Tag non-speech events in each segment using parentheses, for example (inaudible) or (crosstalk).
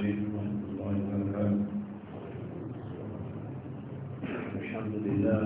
عليكم ورحمة الله وبركاته الحمد لله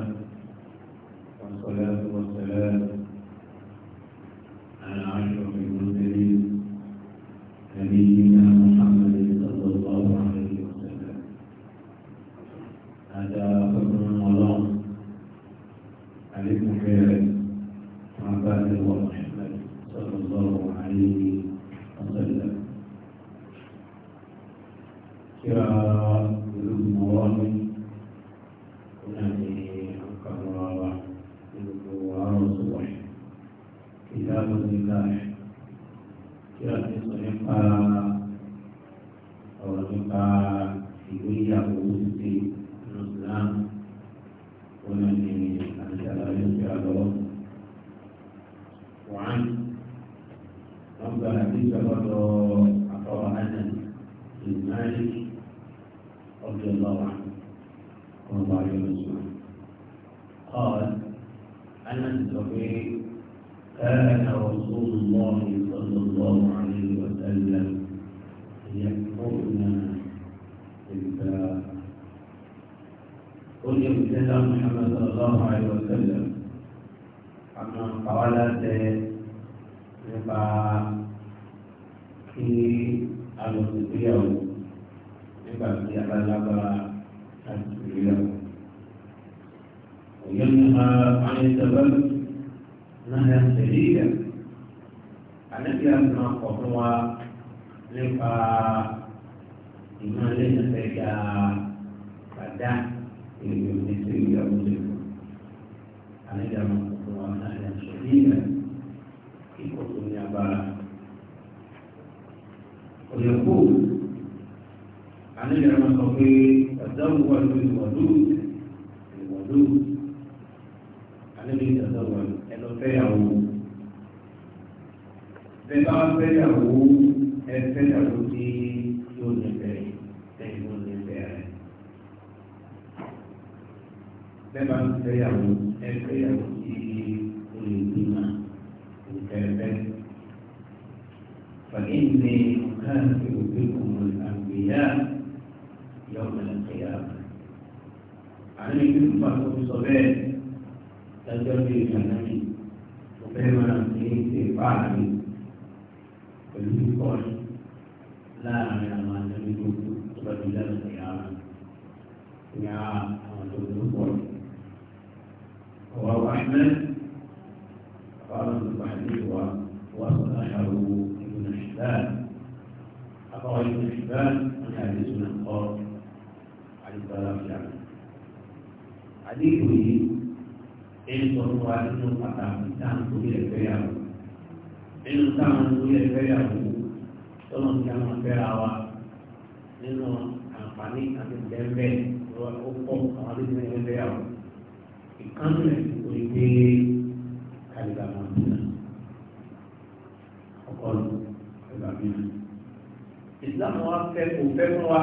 sallallahu alaihi wasallam àmọ́ àwa láti nípa kí alòsìgbéyàwó nígbà tí alágbára láti gbéyàwó. وينهى عن التبلد نهيا شديدا النبي أسمع قطوة لقى إيمان لنا فإذا بدأ يجب أن يسير àlejò àwọn ọ̀pọ̀ àwọn àṣà ìṣẹ̀lẹ̀ ìgbà kíkọ́ tó ní agbára. òyìnbó àlejò àwọn sọ pé ọ̀dọ́ àfáàní pẹ̀lú kíkọ́ọ̀lù láàrin àwọn àjẹmíkò tó bá ti lẹ́nu ìyá ìyá àwọn àjẹmíkò pọ̀lù. ọ̀rọ̀ àìmẹ́ قال البحري وصححه ابن حبان أخرج ابن حبان عن حديث من القاضي عن السلام يعني حديثه إن صلوا عليه وسلم قد أحسن سبيل البيان táwọn olóyè fẹ́rẹ̀ àbúrò tọ́lọ̀ ní àwọn fẹ́ra wa nínú àǹfààní àti bẹ́ẹ̀bẹ́ ó pọ̀ àwọn adébí ní ẹgbẹ́ àwọn ìkànnì rẹ̀ kò ní pé kàlíbà máa bí náà ọkọ lù kàlíbà bí náà. ìsìlámù wa fẹ́ kò fẹ́ fún wa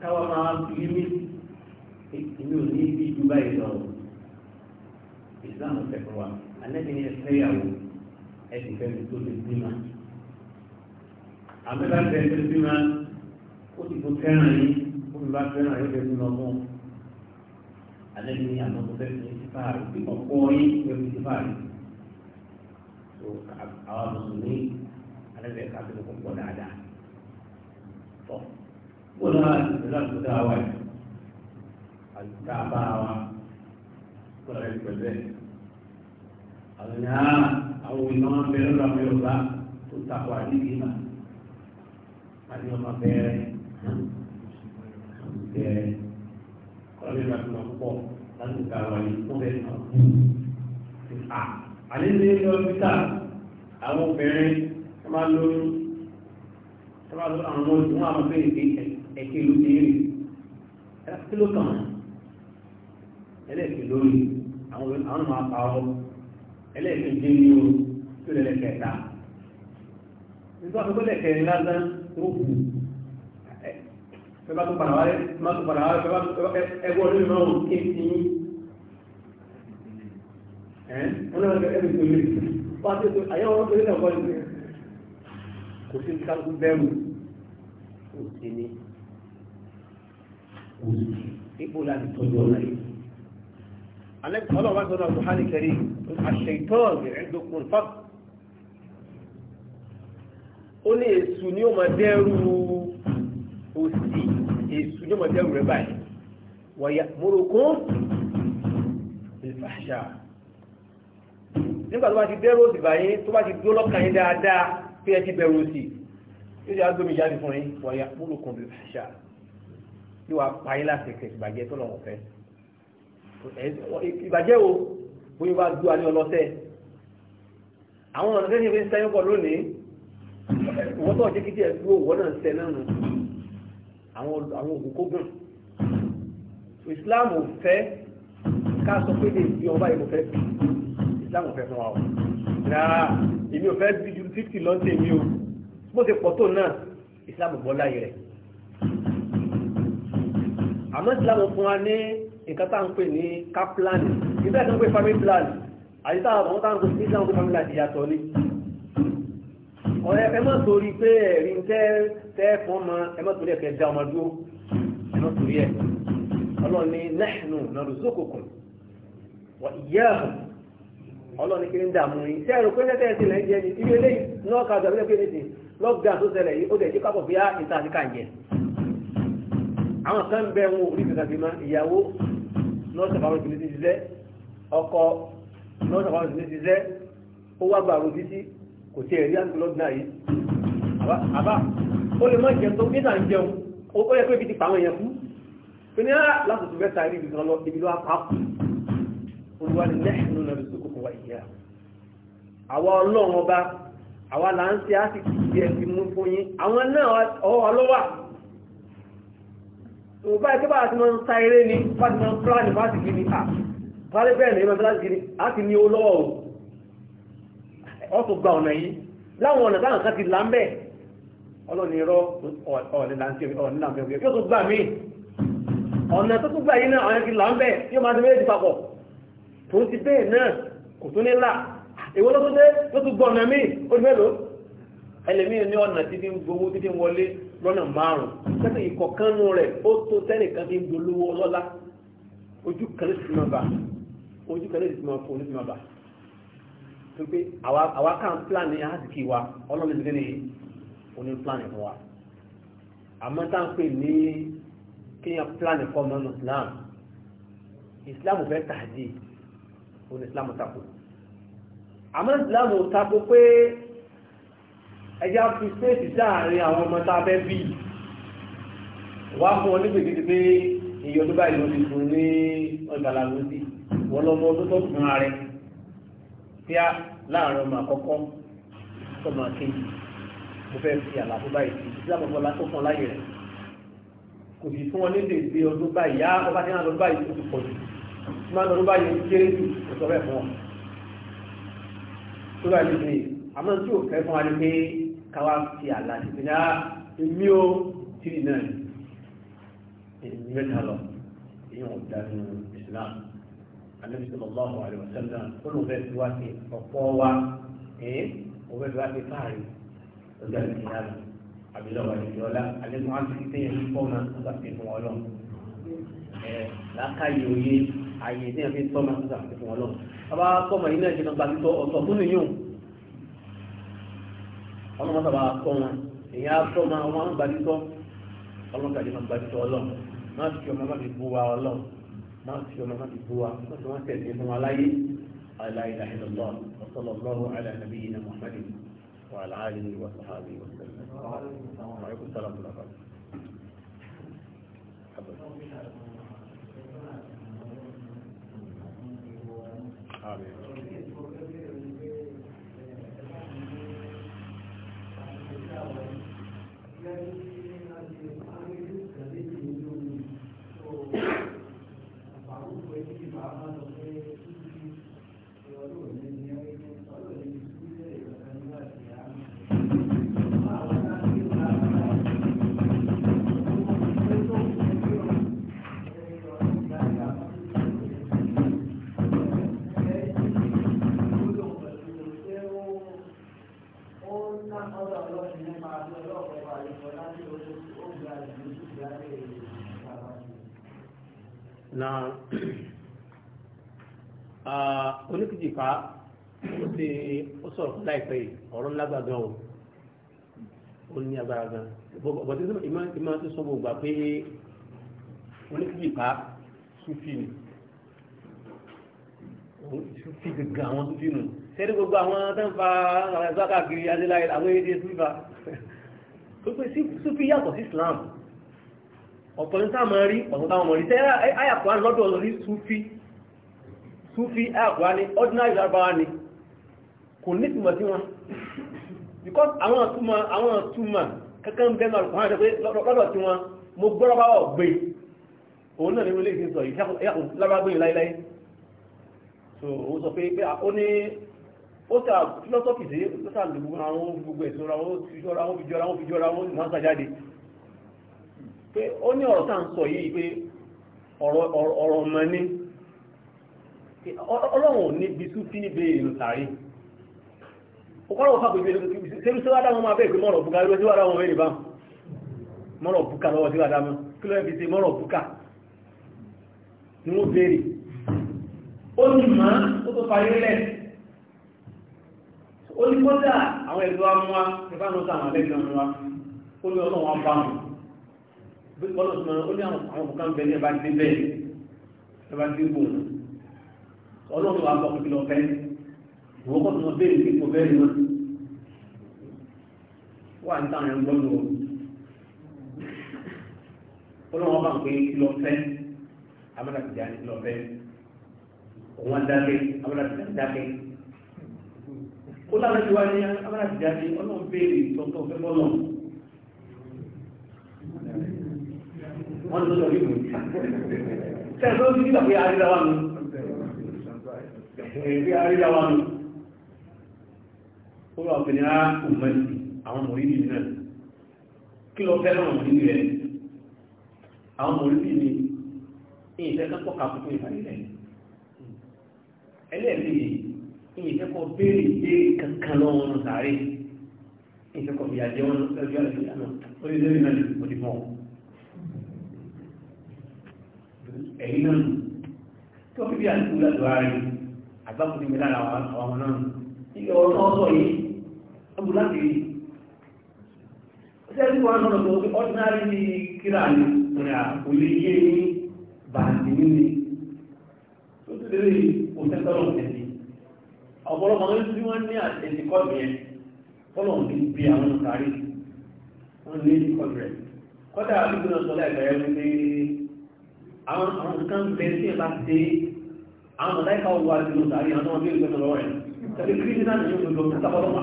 káwa máa bí mí èmi ò ní bí ju báyìí lọ ìsìlámù fẹ́ fún wa alẹ́ mi ni ẹ fẹ́ yàwó ẹsìn fẹ́mi tó lè bí ma àmì bá fẹ́ tó bí ma ó ti kó fẹ́ràn yín ó ti bá fẹ́ràn yín fẹ́ fún ọgbọ́n alẹ́ ní àwọn tó fẹ́ fi sípà rẹ̀ bí ọ̀pọ̀ yín fẹ́ fi sípà rẹ̀ tó àwọn mùsùlùmí alẹ́ fẹ́ ká tóbi pọ̀ dáadáa tọ́ wọ́n náà ìṣẹ̀lẹ̀ àti ìṣẹ̀lẹ̀ àwa yìí àti tá a bá wa kó lọ́ọ́ ẹ̀ pẹ̀lú ẹ̀ àwọn ènìyàn àwọn òbí máa ń bẹ lọ́dọ̀ àwọn yorùbá tó takò àdìgì mà àti ọmọ bẹ́ẹ̀rẹ̀ bẹ́ẹ̀rẹ̀ kọ́lọ́bí máa fi máa pọ̀ láti ka àwọn yìí fún bẹ́ẹ̀ náà ti fà. àlẹ́ ní ilé ọ́fíìsà àwọn obìnrin tó máa lóyún tó máa lóyún àwọn ọmọ ìdúnwó àwọn bẹ́ẹ̀ ní ẹ̀kẹ́ ló ti rí ẹ̀kẹ́ ló kàn án ẹlẹ́ẹ̀kẹ́ lórí àwọn ọmọ àpá ọ̀hún ẹlẹ́ẹ̀kejì ní o tó lẹ́lẹ̀ kẹta nígbà tó lẹ́lẹ̀ kẹrin lásán tó kù ẹ bá tó padà wáyé má tó padà wáyé ẹ bọ́ nínú náà ké sí i ẹ wọn náà ẹ bẹ tó lé wọn àti ètò àyẹ̀wò wọn tó lé náà kọ́ ni kò sí kálukú bẹ́ẹ̀rù kò sí ní kò sí ipò láti tọ́jú ọ̀la yìí. عليك الله بعد هنا القرآن الكريم الشيطان عنده منفق ó ní èsù ní ó máa dẹ́rù òsì èsù ní ó máa dẹ́rù rẹ̀ báyìí wọ̀yà mọ́rọ̀kún ìfàṣà nígbà tó bá ti dẹ́rù òsì báyìí tó bá ti dúró lọ́kàn yín dáadáa pé ẹ ti bẹ̀rù òsì yóò ti agbómi jáde fún yín wọ̀yà mọ́rọ̀kún ìfàṣà yóò wá pa yín láti kẹsìbàjẹ́ tó lọ́wọ́ fẹ́ẹ́ ìbàjẹ́ o bóyá wá gbú alẹ́ ọlọ́tẹ̀ àwọn ọ̀nà tẹ́sí fi ń sẹ́yìn pọ̀ lónìí wọ́n tó ọ̀jẹ́ kíkẹ́ dúró wọ́n náà sẹ́ náà nù àwọn ògùn kógùn Islam ò fẹ́ ká sọ pé lè fi ọba yìí mo fẹ́ bí Islam ò fẹ́ fún wa o rárá èmi ò fẹ́ bí ju fifty lọ́tẹ̀ mi o bó ṣe pọ̀ tó náà Islam bọ́ láyé rẹ̀ àmọ́ Islam fún wa ní nǹkan tá ń pè ní kaplan ìgbẹ́ tó ń pè family plan àti táwọn àwọn tá ń pè ní ìjọ ń family plan ìyàtọ̀ ni ọ̀rẹ́ ẹ má torí pé ẹ̀rí ń tẹ́ fún ọmọ ẹ má torí ẹ̀fẹ́ dá ọmọ dúró ẹ má torí ẹ̀ ọlọ́ni nahnu narzuqukum wa iyyahum ọlọ́ni kiri ń dààmú yín tí ẹ̀rọ pé ní ẹ̀tẹ́ ẹ̀sìn lẹ́yìn jẹ́ ni ibi eléyìí lọ́ọ̀ka àgbàbí ẹgbẹ́ àwọn kan bẹ́ẹ̀ wọn ò rí kàkàbí ma ìyàwó nọ́ọ̀sì àwọn obìnrin ti ṣiṣẹ́ ọkọ nọ́ọ̀sì àwọn obìnrin ti ṣiṣẹ́ ó wá gba àrùn títí kò tí ẹ̀ rí àǹtọ́lọ́gbìn àyè ó lè má jẹun tó ní ó yẹ pé ibi ti pa àwọn èèyàn kú pé ní rárá ah, lásìkò mẹ́ta rí ibi kan lọ ibi ló apá kù olúwa ni lẹ́hìnú náà lóṣù kókò wá ìyá àwa ọlọ́run ọba àwa là ń ṣe á sì kì í ẹ tó báyìí tó bá ti máa ń eré ni bá ti bá ti gidi à bẹ́ẹ̀ ìmọ̀tí o gba ọ̀nà yìí láwọn ọ̀nà táwọn kan ti là ń bẹ̀ ọlọ́ni irọ́ ọ̀nà láńtí ọ̀nà láńtí ọ̀nà yóò gbà mí ọ̀nà tó gbà yìí náà ọ̀nà ti là ń bẹ̀ máa ti papọ̀ tó ti bẹ́ẹ̀ náà kò ní là dé ọ̀nà ó ẹlẹ́mìí ọ̀nà títí ń sẹ́kẹ̀ ikọ rẹ̀ ó tó tẹ́nìkan fi dolówó ọlọ́lá ojú kan sì máa bà ojú kan sì máa fò ní sì máa bà tó pé àwa kàn wa ọlọ́run ti ní oní pílánì fún wa àmọ́ tá n pè ní Islam Islam fẹ́ tàdí oní Islam tako àmọ́ Islam tako pé fi ṣéètì sáàárín àwọn ọmọ wàá fún ọ nígbè títí pé iye ọdún báyìí ló ti fún ní ọ̀gbàlà lòdì wọ́n lọ́mọ ọdún tó fún ara rẹ̀ tí a láàrin ọmọ àkọ́kọ́ sọmọ akéjì mo fẹ́ fi àlàfo báyìí sí ìdílé àkọ́kọ́ látó fún láyè rẹ̀ kò sì fún ọ ní dèdè ọdún báyìí yá ọba tí wọn lọ báyìí tó ti pọ̀ jù tí wọn lọ báyìí ó kéré jù kò sọ bẹ́ẹ̀ fún ọ tó bá yìí nìyí àmọ́ tí ò fẹ́ fún wa ni pé káwá fi àlàfo bí náà èyí mẹ́ta lọ èyí wọn dá nínú Islam anabi sallallahu alayhi wa sallam kóló bẹ́ẹ̀ fi wá sí ọ̀pọ̀ wa ẹ̀ẹ́ òun bẹ́ẹ̀ fi wá sí káàrí ọjọ́ ìkìyà lọ àbílọ̀wà ìjọba alẹ́nu àtúntẹ̀ fọ́nà ọ̀sàfẹ́ fún ọlọ́ ẹ̀ làákàyè òye àyè tí a fi tọ́nà ọ̀sàfẹ́ fún ọlọ́ ọba tọ́mọ yìí náà jẹ́ gbàgbọ́ ọ̀sọ̀ fún nìyó ọlọ́mọ sábà tọ́ wọn èyí á ọmọ gbàgbọ́ ọlọ́mọ ọlọ́mọ má fi ọmọ má fi bú wa ọlọ́run má fi ọmọ má fi bú wa má fi wọ́n tẹ̀lé fún wa láyé aláìláìlọ́lọ́ ọ̀sọ́lọ́lọ́hu alànàbí iná muhammadin wa aláàlì wa sàhábì wa sàlámù. Àwọn sàlámù lọ́kọ̀. Amen. na (clears throat) uh, oníkìjìká ó ti ó sọ̀rọ̀ fún láìpẹ́ yìí ọ̀rọ̀ ńlá gbàgbà o ó ní agbára gan bọ̀dé tó ìmọ̀ ìmọ̀ tó sọ gbogbo pé oníkìjìká súfì ni súfì gẹ́gẹ́ àwọn súfì nù sẹ́ni gbogbo àwọn tó àwọn ẹ̀zọ́ káàkiri adéláyé àwọn èdè súfì fa tó (laughs) yàtọ̀ sí Islam ọ̀tọ̀ ní sáàmà rí ọ̀tọ̀ táwọn mọ̀ rí tẹ́ àyàkùá lọ́dọ̀ rí súfí súfí àyàkùá ní ordinary larabawa ni kò ní ìtumọ̀ sí wọn because àwọn àtúmọ̀ àwọn àtúmọ̀ kankan bẹ́ẹ̀ náà kùnrin àti lọ́dọ̀ tí wọn mo gbọ́rọ̀ bá wọ̀ gbé òun náà nínú ilé ìsìn sọ ìyàkùn lára gbé yìí láíláí so ó sọ pé ó ní ó sà philosophy sí ó sà lè gbogbo àwọn gbogbo ẹ̀sùn ra wọn fi jọra wọn fi jọra wọn fi jọra wọn ní wọn sà pé ó ní ọ̀rọ̀ táà ń sọ yìí pé ọ̀rọ̀ mọ̀ ní ọlọ́run ní bisú sí níbi ìlú sàárì ọkọ̀rọ̀ wọ́n fàbí ìlú sẹ́rú sí wádá wọn máa bẹ́ẹ̀ pé mọ́rọ̀ búka lọ́wọ́ sí wádá wọn wẹ́rẹ̀ bá mọ́rọ̀ búka lọ́wọ́ sí wádá wọn kí lọ́wọ́ fi ṣe mọ́rọ̀ búka ni wọ́n béèrè ó ní mọ́ ó tó parí rẹ̀ ó ní kọ́dà àwọn ẹ̀dọ́ wa mú wa ìfáànù sáwọn abẹ́gbẹ̀ wọn wa ó ní ọlọ́run wa bá wọn bí bọ́lá ti máa ó ní àwọn nǹkan bẹ ní ẹ̀bá dé bẹ́ẹ̀ ẹ̀bá dé gbòòrò ọlọ́run wa bọ́ kí lọ fẹ́ ìwọ́n kọ́ tó lọ bẹ́ẹ̀ ní kò bẹ́ẹ̀ náà wà ní táwọn ẹ̀ ń gbọ́dọ̀ ọlọ́run wa bá ń pè kí lọ fẹ́ amúnàtìjà ní kí lọ fẹ́ òun á dáké amúnàtìjà ń dáké kó lára ti wá ní amúnàtìjà ní ọlọ́run béèrè tọ́tọ́ fẹ́ bọ́lọ̀ wọ́n ló sọ yìí mú ṣe tó ní ìgbà pé àríra wa nù pé àríra wa nù ó rọ ọ̀pẹ̀lẹ̀ á òmùmẹ́sì àwọn mòrídì náà kí lọ fẹ́ náà mòrídì rẹ̀ àwọn mòrídì ni ìyẹ̀fẹ́ kan pọ̀ kàkókò ìfàlẹ̀ rẹ̀ ẹlẹ́ẹ̀kejì ìyẹ̀fẹ́ kan béèrè béèrè kankan lọ́wọ́ nù sàárè ìyẹ̀fẹ́ kan fìyà jẹ́ wọn lọ́jọ́ àlejò àná ó lè lórí náà lè ẹ̀yìn náà nù tó fi bí àdúgbò lọ́dọ̀ ààrẹ àgbàkùnrin mi lára àwọn ọmọ náà nígbà ọ̀rọ̀ náà sọ yìí ọmọ láti rí ṣẹ́yìn wọn náà lọ pé ordinary ní kíra ni ìrìn àkòlé yé ní bàǹdì nílé tó ti lè rí òṣèṣọ́rọ̀ tẹ̀sí ọ̀pọ̀lọpọ̀ àwọn tí wọ́n ní àtẹ̀sí kọ́ọ̀tù yẹn fọ́lọ̀ ní bí àwọn kárí wọ́n ní kọ́ọ̀tù rẹ̀ kọ́dà àdúgbò náà sọ láìpẹ́ àwọn nǹkan bẹ sí ẹ̀ bá ṣe àwọn mọ̀láìka wà nínú sàárì àwọn ọmọdé ìgbẹ́ lọ́wọ́ rẹ̀ tẹ̀lé kírísítà ní yóò lọ sábọ́lọ́pà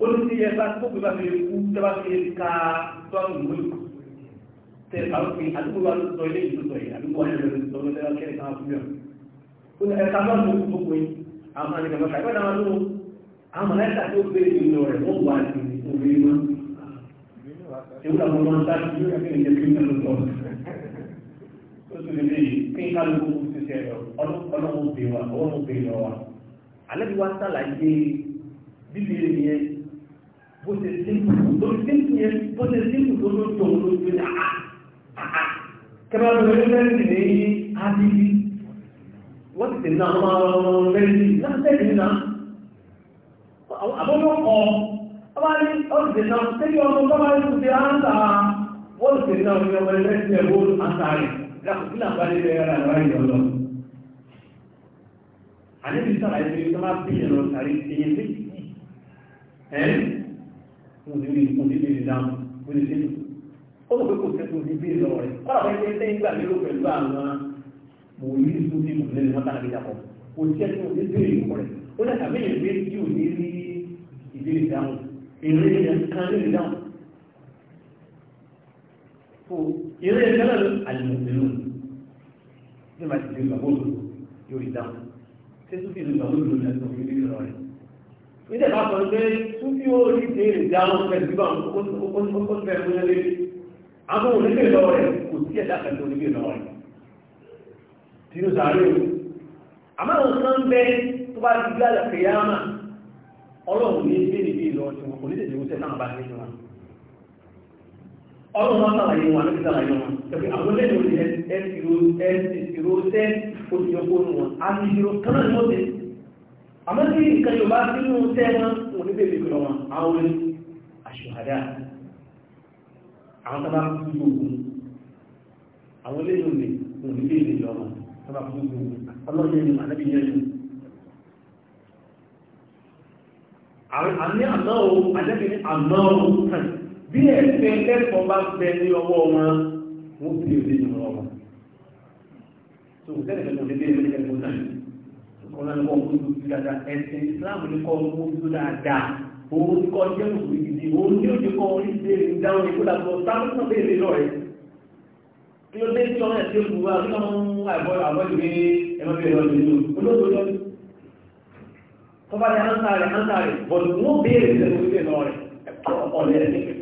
ó ní sí ẹ bá tó pé bá fi kú tẹ́ bá fi ka tó àwọn ìwé tẹ àwọn fi àdúgbò wa ló sọ ilé ìlú sọ yìí àdúgbò wa ló sọ ló tẹ́lá kẹ́rì kan fún yọ ó ní ẹ̀ka bá mú gbogbo yìí àwọn àti kàmọ́ka ìgbà náà ló àwọn mọ̀láìka tó gbé ìlú rẹ̀ wọ́n wà ní òwe wọn según la voluntad yo ya que le define los dos lóṣù lè kí n kálukú ṣiṣẹ́ rẹ̀ ọlọ́run bè wá ọlọ́run bè lọ wa alẹ́ bí wá sàlàyé bíbélì yẹn bó ṣe sínkù tó sínkù yẹn bó ṣe sínkù tó ló jọ ló jọ ní àhà àhà kẹfà ló lè fẹ́ẹ́ sì ní ábíbí wọ́n ti tẹ̀lé àwọn ọmọ ọmọ ọmọ ọmọ ọmọ ọmọ ọmọ ọmọ ọmọ ọmọ ọmọ ọba ní ọ̀sẹ̀ náà tẹ́lẹ̀ ọmọ bọ́bá ní ṣe áńtà wọ́ọ̀sẹ̀ náà ní ọmọ ẹgbẹ́ ti ẹ̀wọ́ àtàrí lákòókí náà bá lè rẹ̀ ara rẹ̀ yọ̀lọ̀ àdébí sára ẹgbẹ́ yìí tó máa bí ìrìn ọ̀sàrí èyí sí ẹ̀ mo ní bí mo ní bí ìdáhùn mo ní sí ó mọ̀ pé kò sẹ́kù ní bí ìlọ rẹ̀ kọ́lá bá ẹgbẹ́ sẹ́yìn gbà lérò pẹ̀lú àwọn mo ní sùn ní mùsùlùmí ni wọ́n tàn mí dàpọ̀ kò ìrìn èèyàn kan ní ìdáhùn ìrìn èèyàn kan náà àlùmọ̀sílù ní màá ti di ìgbàgbọ́ òdòdó yóò ìdáhùn ṣé tún fi ìlú ìgbàgbọ́ òdòdó ní ẹ̀sán òfin nínú rẹ̀ nígbà bá sọ pé tún fi ó rí ṣe ìdáhùn pẹ̀lú bá ó ń bẹ̀rù ní ẹlẹ́rìí àwọn onílé lọ́wọ́ rẹ̀ kò sí ẹ̀dá kan onílé lọ́wọ́ rẹ̀ tìrú sàárè o àmọ́ àwọn kan bẹ tó bá ti ọlọ́run ní bèèrè bí ìlọ ọ̀tí wọn kò ní tètè wúṣẹ́ náà bá nínú wọn ọlọ́run wọn sàlàyé wọn lókè sàlàyé wọn tẹ̀pẹ́ àwọn lẹ́nu ní ẹ̀sìrò tẹ́ oṣìṣẹ́kọ́ nù wọn àti ìṣirò kanáà ni wọ́n ti àmọ́ sí nǹkan yorùbá sínú tẹ́ wọn wọn ní bèèrè bí wọn àwọn aṣùhàdá àwọn tábà kú gbogbo àwọn lẹ́nu ní wọn ní bèèrè lọ́wọ́ tábà kú gbogbo ọlọ́run ní àní àná o àjẹ́bí ní àná o bí ẹ̀sẹ̀ ẹlẹ́kọ̀ọ́ bá bẹ ní ọwọ́ wọn wọ́n fi òde ní ọwọ́ wọn. tó o tẹ́lẹ̀ lọ́wọ́ dédé ní ẹgbẹ́ ìgbọ́n náà kọ́ náà lọ́wọ́ kó tó ti dáadáa ẹ̀sìn Islam ní kọ́ owó tó dáadáa owó tí kọ́ jẹ́ òkùnrin gidi owó tí ó ti kọ́ orí ìbéèrè ń dáhùn ìkó làbọ̀ táwọn náà béèrè lọ́rẹ̀ kí ló dé tí ọ̀rẹ́ ti ń bu wa kí wọ́n mú àbọ̀ tó bá ní ánsá rẹ̀ ánsá rẹ̀ bọ̀dù wọ́n béèrè lẹ́nu ilé lọ rẹ̀ ọ̀lẹ́ rẹ̀ nípe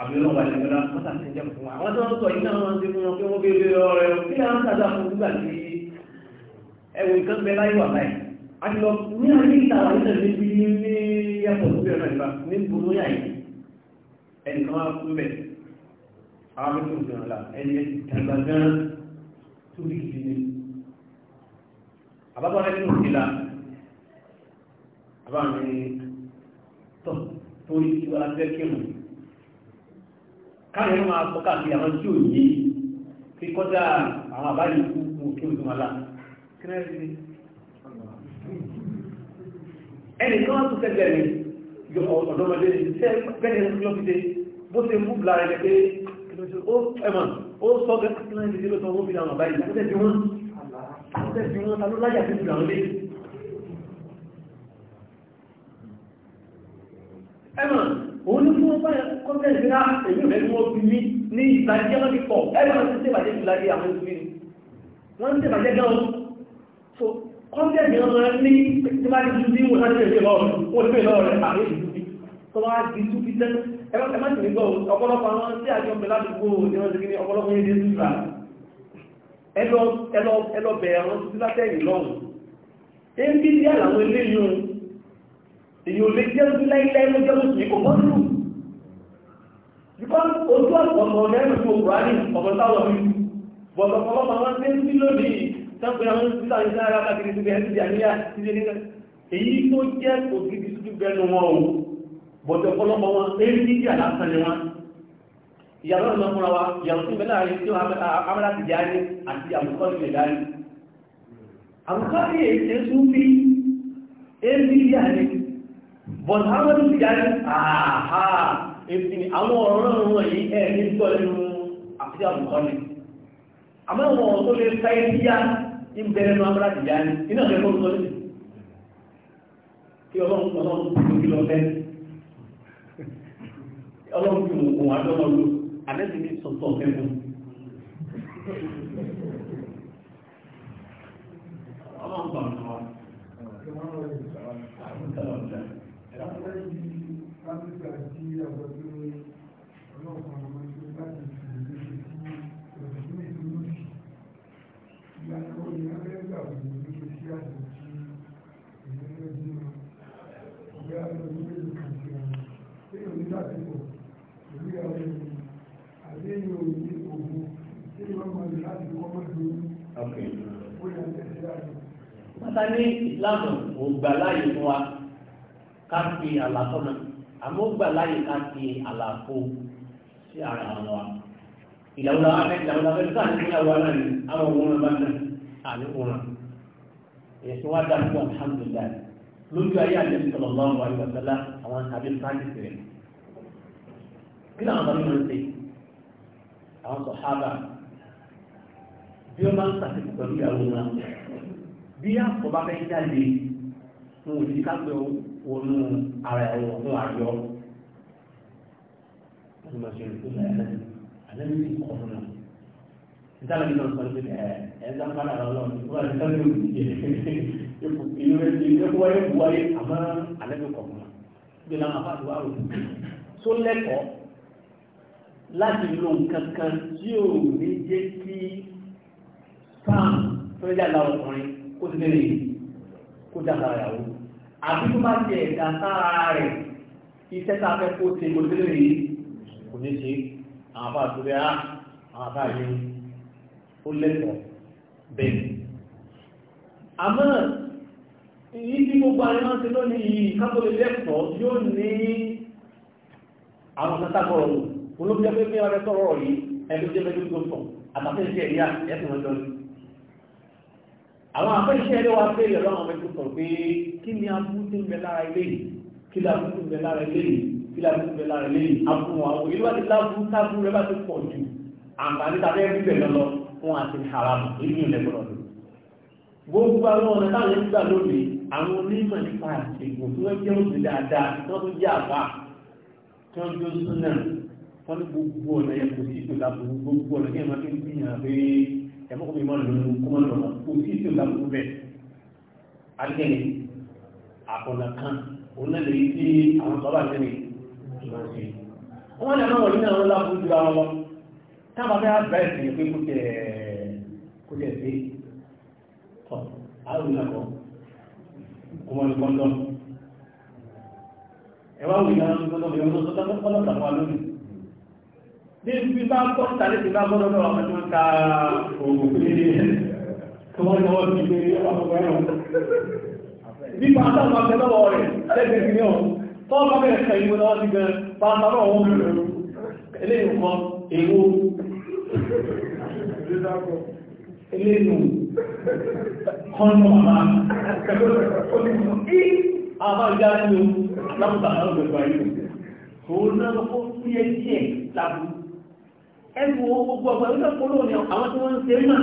àbí wọn bá nígbà wọn tà sí jẹ́ fún wa àwọn tó ń sọ yìí náà wọn ti fún wọn pé wọn rẹ̀ ni ánsá dà fún nígbà tí ẹwù nǹkan bẹ láyé wà láyé àti lọ ní ayé ìta àwọn ìtàn níbi ní yàtọ̀ tó bẹ̀rẹ̀ bàbá mi ní tọ́ àwọn tí kan wá tún sẹ́gbẹ̀ẹ́ ọ̀dọ́mọdé ní sẹ́ ní ọjọ́ fi bó ṣe mú blára ẹ̀ pé ó ẹ̀mọ̀ ó sọ kí náà rí lọ́tọ̀ owó fi dàwọn àbáyé àtẹ́bí wọn ta ló láyà fi dùn àwọn léyìí ní èmi rẹ̀ ni wọ́n fi mí ní ìbàjẹ́ wọn ti pọ̀ ẹ̀rọ wọn ti ṣe ìbàjẹ́ láyé àwọn ìlú nínú wọ́n ti ṣe gan so kọ́ńtẹ́ mi wọn ní tí wọ́n ti dúdú wọn láti ṣe lọ́rọ̀ wọn ti lọ́rọ̀ àwọn ìlú bí tó wá di tú fi tẹ́lẹ̀ ẹ̀rọ ẹ̀má ti gbọ́ ọ̀pọ̀lọpọ̀ àwọn tí àjọ mi ládùúgbò ni ní wọn ti látẹ̀yìn ní àlàwọn eléyìí èyí ò lè jẹ́ láíláí ló because ojú ọ̀pọ̀lọpọ̀ mẹ́rin tó kùránì ọ̀pọ̀ táwọn mi bọ̀tọ̀ ọ̀pọ̀lọpọ̀ àwọn tí ń sí lónìí tẹ́kùn àwọn títà ìṣẹ́ ara káàkiri ti bẹ̀rẹ̀ ti àníyà ti lé nígbà èyí tó jẹ́ ògidì tútù bẹnu wọn o bọ̀tọ̀ ọ̀pọ̀lọpọ̀ wọn èyí ní ìyà lásán ni wọn ìyàwó ọ̀nà fúnra wa ìyàwó tí bẹ̀rẹ̀ àárín tí ó amẹ́lá ti jáde àti àwùkọ́ ti lè dárí àwùkọ́ ti èsè tún fi èyí ní ìyà ni bọ̀tọ̀ àwọn tó ti jáde àhà èsì àwọn ọ̀rọ̀ wọn yìí ẹ̀ ní gbọ́ nínú àfíjà mùkọ́ni àmọ́ àwọn ọ̀rọ̀ tó lè sáyé síyá ní bẹ̀rẹ̀ nù abúlá ìyá ni iná rẹ̀ lọ́rùn lọ́rùn kí ọlọ́run ọlọ́run tó kí lọ bẹ́ ọlọ́run fi mùkùn wà lọ́wọ́ lò àlẹ́sì ní sọ̀tọ̀ fẹ́ fún ọlọ́run tó ń lọ Thank you. ní ìsìláàmù ò gbà láàyè fún wa ká fi àlàfo náà àmọ́ gbà láàyè ká fi àlàfo sí ara àwọn wa ìlàwùlà afẹ́ ìlàwùlà afẹ́ sáà ní àwọn náà ni àwọn òun bá náà àní òun èso wa dá sí alhamdulilayi lójú ayé àdébí sallallahu alaihi wasallam àwọn àdébí sáàjì tẹ̀lé kí làwọn bá nínú ṣe àwọn sọ̀hábà bí wọ́n bá ń sàkíkù pẹ̀lú ìyàwó náà bí àkọ́bá fẹ́ jáde fún òjì kápẹ́ wọnú ara ẹ̀wọ̀n fún àjọ wọ́n máa ṣe ìlú ẹ̀ àlẹ́mí ti kọ́ fún un nítorí nínú ọ̀sán ní ẹ̀ ẹ̀ sábàlá ọlọ́run wọ́n ti sábẹ́ òjì ìlú rẹ̀ ti ilé wáyé wáyé àmọ́ àlẹ́mí kọ̀ fún un bí làwọn afáàlú wà lò tó lẹ́kọ̀ọ́ láti lo nǹkan kan tí ò ní jẹ́ kí sáà tó ń ọkùnrin kó ti lè kó dára ìyàwó àbí tó bá ti ẹ̀dá sára rẹ̀ iṣẹ́ tá a fẹ́ kó ti kó ti lè kò ní ṣe àwọn afá àtúrẹ́ á àwọn afá yìí ó lẹ́kọ̀ọ́ bẹ́ẹ̀ àmọ́ èyí tí gbogbo àríwá ti lónìí yìí kápọ̀lẹ̀ lẹ́kọ̀ọ́ yóò ní àwọn tátàkọ̀ọ̀rọ̀ olóògbé pé pé ọ̀rẹ́ sọ̀rọ̀ yìí ẹgbẹ́ jẹ́ mẹ́jọ́ tó sọ àtàkùn iṣẹ́ ìyá ẹ̀sùn ọjọ́ ni àwọn àpẹẹṣẹ́ ilé wa pé ìrọ̀lọ́ àwọn ẹgbẹ́ sọ pé kí ni abúrú tí ń bẹ lára ilé yìí kí ni abúrú tí ń bẹ lára ilé yìí kí ni abúrú tí ń bẹ lára ilé yìí abúrú wọn àwọn ìlú bá ti lábúrú tábúrú rẹ bá ti pọ̀ jù àǹfààní tàbí ẹbí bẹ̀rẹ̀ lọ wọn àti haram inú ilẹ̀ gbọ́dọ̀ lò gbogbo àwọn ọ̀nà táwọn ẹni gbà lónìí àwọn onímọ̀ nípa ìgbò tí wọ́n jẹ́ òsì dáadáa tí wọ́n tún jẹ́ àbá ẹ̀fọ́ mi máa lòun kó máa lọ́mọ kò sí sí ọ̀la kó bẹ̀. akẹ́lẹ̀ àkọ́nà kan òun náà lè ti àwọn bàbá tẹ́lẹ̀ ìmọ̀ sí. wọ́n ní àwọn ìlú àwọn láàbù ju ara lọ táwọn abẹ́ àbẹ́ ìsìn pé kó tẹ̀ kó tẹ̀ sí. tọ́ àwọn ìlú àkọ́ kó máa lọ kọ́ńdọ́mù. ẹ̀wá wù ní àwọn kọ́ńdọ́mù yẹn wọ́n tó tọ́ ní ibi bá kọ́ tàbí bá gbọ́dọ̀ lọ ń ta òògùn ní tí ọmọ ẹ̀rọ nípa àtàwọn akẹ́lọ́wọ́ bá bẹ̀rẹ̀ kẹ ìwé lọ́wọ́ sí gan bá sọ́rọ̀ ọ̀hún eléyìí ní o lápùtà ẹnu wo gbogbo ọgbà ìwé ọpọlọ ni àwọn tí wọ́n ń ṣe náà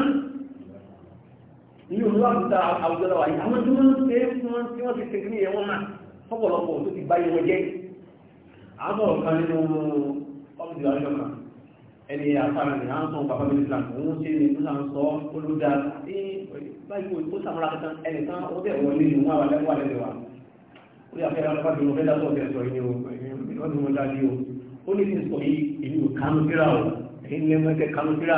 ní òun wà níta àwùjọ lọ wáyé àwọn tí wọ́n ń ṣe fún wọn tí wọ́n ti ṣe kí ẹ̀wọ̀n náà fọ́pọ̀lọpọ̀ tó ti báyé wọn jẹ́ àwọn ọ̀kan nínú ọ́fíìsì àjọ ni à ń sọ bàbá mi nìkan òun ṣe ni tó sàn sọ olóda ní báyìí wo tó sàmúra kankan ẹnì kan ó bẹ̀ wọlé ní wọn àwọn ẹlẹ́wọ̀n fẹ́ dá sọ̀tẹ̀ sọ yìí o wọ́n ti mọ̀ o ó ní ti sọ yìí èyí kánú kíra o ẹni ẹmọ ẹgbẹ́ kanúkírà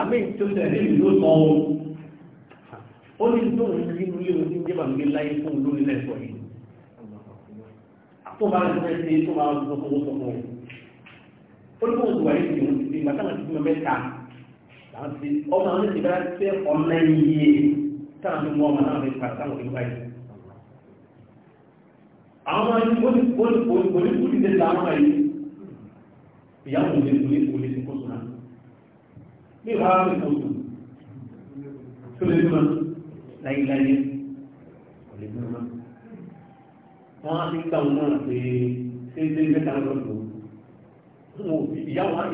àmì tó tẹ̀lé ìlú sọ ohun ó ní tó ń rí ilé oní jẹ́ bàmí láyé fún olórí lẹ́sọ̀ yìí tó bá ń fẹ́ ṣe tó máa ń sọ́kọ́ sọ́kọ́ ó ní kó wà ní ìlú ti gbà táwọn ti fi mẹ́ta láti ọmọ àwọn ti bá tẹ ọmọ iye táwọn ti mú ọmọ náà fi pa táwọn ti báyìí àwọn ọmọ yìí ó ní kó ní kó ní kó ní kó ní ìyàwó ní kò lè sí kóso náà bí ìwà rẹ̀ kóso tó lè mọ́ láyéláyé kò lè mọ́ wọn á ti gbà wọn náà pé ṣé ṣé ń bẹ́ta lọ́dọ̀ ìyàwó máa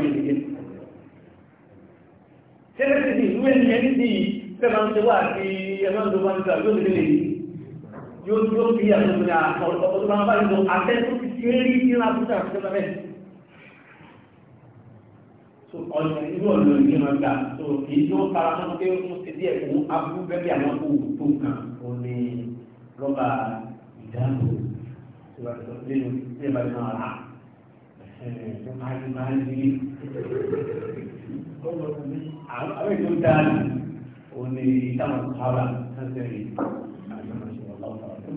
ń ìlú ẹni ẹni tí ìfẹ́ máa ń ṣe àti ẹ̀rọ ìjọba ń gbà yóò yóò fi àtúntò ní ọ̀pọ̀ tó máa bá yìí lọ àtẹ́tù ti ṣe rí nínú àtúntò àtúntò náà bẹ́ẹ̀. so ọ̀nà irú ọ̀nà ìlú máa gbà so èyí tó fara mọ́ pé ó ti díẹ̀ fún abúlé bẹ́ẹ̀ àwọn kò tó kàn ó ní rọ́bà ìdáàbò ìwàlùsọ̀ nínú ilé ìbàdàn náà rà ẹ̀ẹ́dẹ́gbẹ̀rún máa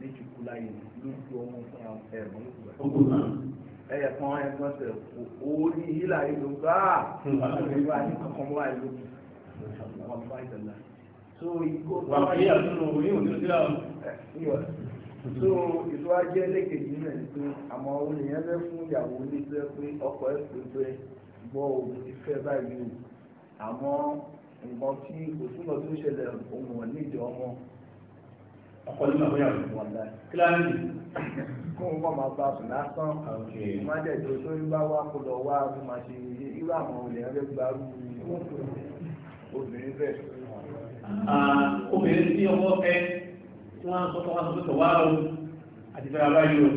méjìkú láyé lójú ọmọ fún ẹ̀gbọ́n ọgbọ́n ẹ̀yẹ̀ kan ẹ̀gbọ́n sẹ̀ orí hílà ìlú gbá àgbẹ̀wá ní kankan wá ìlú wọn fà ìdàlá. so ìgò wà ní àtúnú orí òní sí àwọn. so ìtúwájú ẹlẹ́kẹ̀jì náà ni pé àmọ́ olùyẹn fẹ́ fún ìyàwó ní sẹ́ pé ọkọ̀ ẹ̀ pé pé gbọ́ òun ti fẹ́ báyìí àmọ́ nǹkan tí òtúnlọ́tún ṣẹlẹ̀ òun ò ní ọmọ ọkọ nínú àbúyà rẹ̀ kíláàmì. kó o máa bá sùn lásán má jẹ́ ìjọ tó ń bá wá kó lọ wá kó máa ṣe irú àwọn olè ẹgbẹ́ gbarú obìnrin bẹ́ẹ̀. obìnrin tí ọwọ́ fẹ́ tí wọ́n sọ fún wa wá o àti fẹ́ abáyé o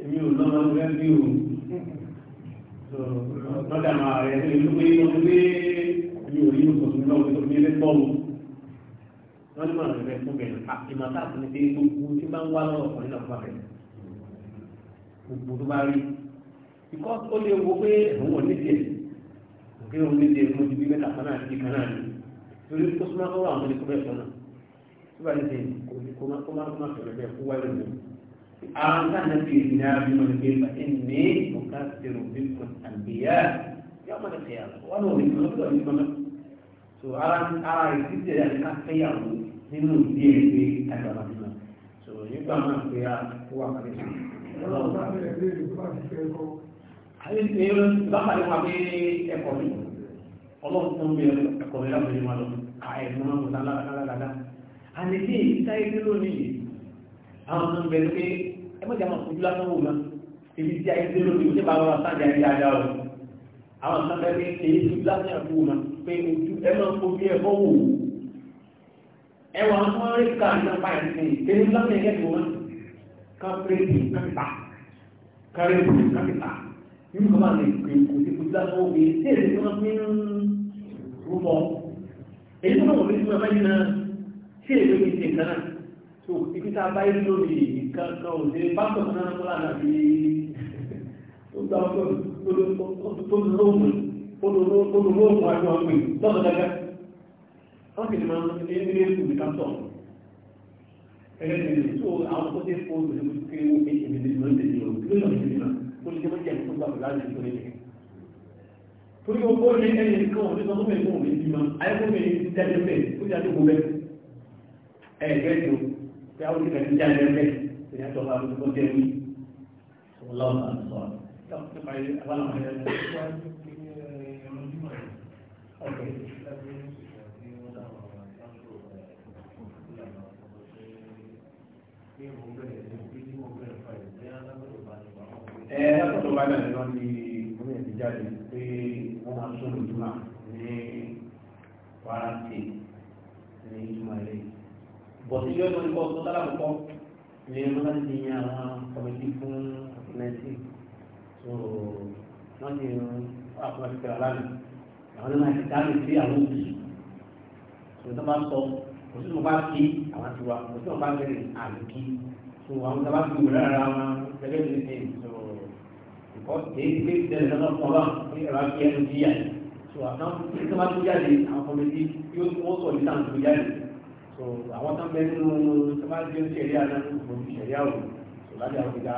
èmi ò lọ́mọ ẹgbẹ́ bí o lọ́dà máa rẹ̀ ẹgbẹ́ ìlú pé ọdún pé èmi ò rí náà tó fi ẹgbẹ́ bọ́ọ̀lù wọ́n ní mọ̀ràn ìfẹ́ fún bẹ̀rẹ̀ ah, ìmọ̀ta àti ní pé gbogbo tí máa ń wá lọ́wọ́ ọkùnrin náà fún abẹ́rẹ́ gbogbo tó bá rí ikọ́ ó lè wo pé òun ò ní tiẹ̀ òkè òun ní tiẹ̀ mo ti bí mẹ́ta kan náà ti kan náà ni torí tó súnmọ́ kọ́ àwọn ẹni kó bẹ́ẹ̀ sọ́nà tó bá ní tiẹ̀ kó má kó má fẹ̀rẹ̀ bẹ́ẹ̀ kó wáyé lọ. àwọn sáà ti e rìn náà bí mo ní pé bá ẹ ní òkà zero bíi kan àgbéyà yá ọmọdé kẹyà wọn ò ní kí wọn tó ní kí nínú ìdí ẹ̀ pé àgbàlagbà náà so nígbà náà pé a wà kálẹ̀ sí. Ayélujára bákàlẹ̀ wà pé ẹ̀kọ́ mi, ọlọ́run tó ń bẹ ẹ̀kọ́ mi láti ìlú wa lọ, ká ẹ̀mọ́ náà kò lálàgàdá. Àdìsí ìsáyé tí lónìí, àwọn ọmọ bẹ̀rẹ̀ pé ẹ mọ̀jà máa fojú lásán wò náà, èyí tí ayé tí lónìí kò sí bàbá wa sáà jẹ́ ayé ajá o. Àwọn ọmọ bẹ̀rẹ̀ pé èyí tí lásán yà fún wò náà, pé ojú ẹ máa fojú ẹ̀kọ́ wò ẹwà ń wọ́n rí ká ní ọ̀pá ẹ̀sìn ìdílé lọ́nà ẹ̀yẹ́ tó wọ́n ká pírẹ́tì kápítà kárẹ́tì kápítà yìí kọ́ máa lè pè kò sí kò sí láti wọ́n fi ṣé èdè tí wọ́n fi ń rúbọ. èyí tó wọ́n fi sí ọmọ yìí náà ṣé èdè mi ṣe nǹkan náà tó ibi tá a bá yé lórí nǹkan kan ò ṣe bá tọ̀ náà kó lànà bí ó gbà ó tó lóògùn ó lóògùn àjọ àgbè lọ́sọ̀ọ́ wọ́n sì lè máa ń ní ilé ìlú ní káńtọ̀ ẹgbẹ́ ìlú tó àwọn tó dé fún olùdókòwò kiri wọ́n fi èmi nínú ẹ̀ lè lò lórí ọ̀rọ̀ ìlú náà tó lè jẹ́ mọ́jẹ́ tó gbà pẹ̀lú àjẹ́ tó lè jẹ́ torí gbogbo ní ẹni kan ọdún tó mẹ́rin fún òun ìbímọ ayélujára jáde bẹ́ẹ̀ tó jáde gbogbo bẹ́ẹ̀ ẹ̀ẹ́dẹ́ tó pé àwọn ìgbà tó jáde bẹ́ẹ̀ tó yàtọ̀ bá tó tó jẹ́ wí. ọlọ́run àti sọ̀rọ̀ yorùbá náà lọ ní orí ẹ̀sìn jáde pé wọ́n máa sún lójúmọ́ ní wárántì ní ìtumọ̀ ilé bọ̀dé yóò lọ nípa ọ̀tún tálà púpọ̀ ní wọ́n ti yan àwọn kọ̀mẹ́tì fún nẹ́ẹ̀sì tó wọ́n ti àpò àti kẹrẹ lánàá àwọn náà ti dáhùn sí àwọn òbí tó tó bá sọ kò sí tó bá kí àwọn ti wá kò sí tó bá bẹ̀rẹ̀ àlùkí tó àwọn bá fi wò lára wọn gẹ́gẹ́ bí ní because they take there is another problem in Iraqi and Indian. So àwọn tí wọ́n ti jáde àwọn kọ̀mẹ́tì yóò tún wọ́n sọ ní tó jáde. So àwọn tán bẹ́ẹ̀ nínú tí wọ́n ti ń ṣẹ̀rí àná ní ìfòmí So láti àwọn ìgbà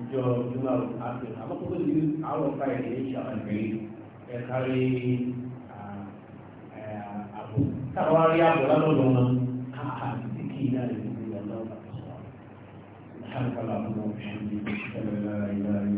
ìjọ ìjọba àti àwọn kókó ti àwọn ọ̀ka ẹ̀rẹ́ ìṣà àgbẹ̀rẹ́ ẹ̀ kárí àbò. Táwa rí àbò lálọ́dọ̀ wọn káà sí kí iná rẹ̀ ní àti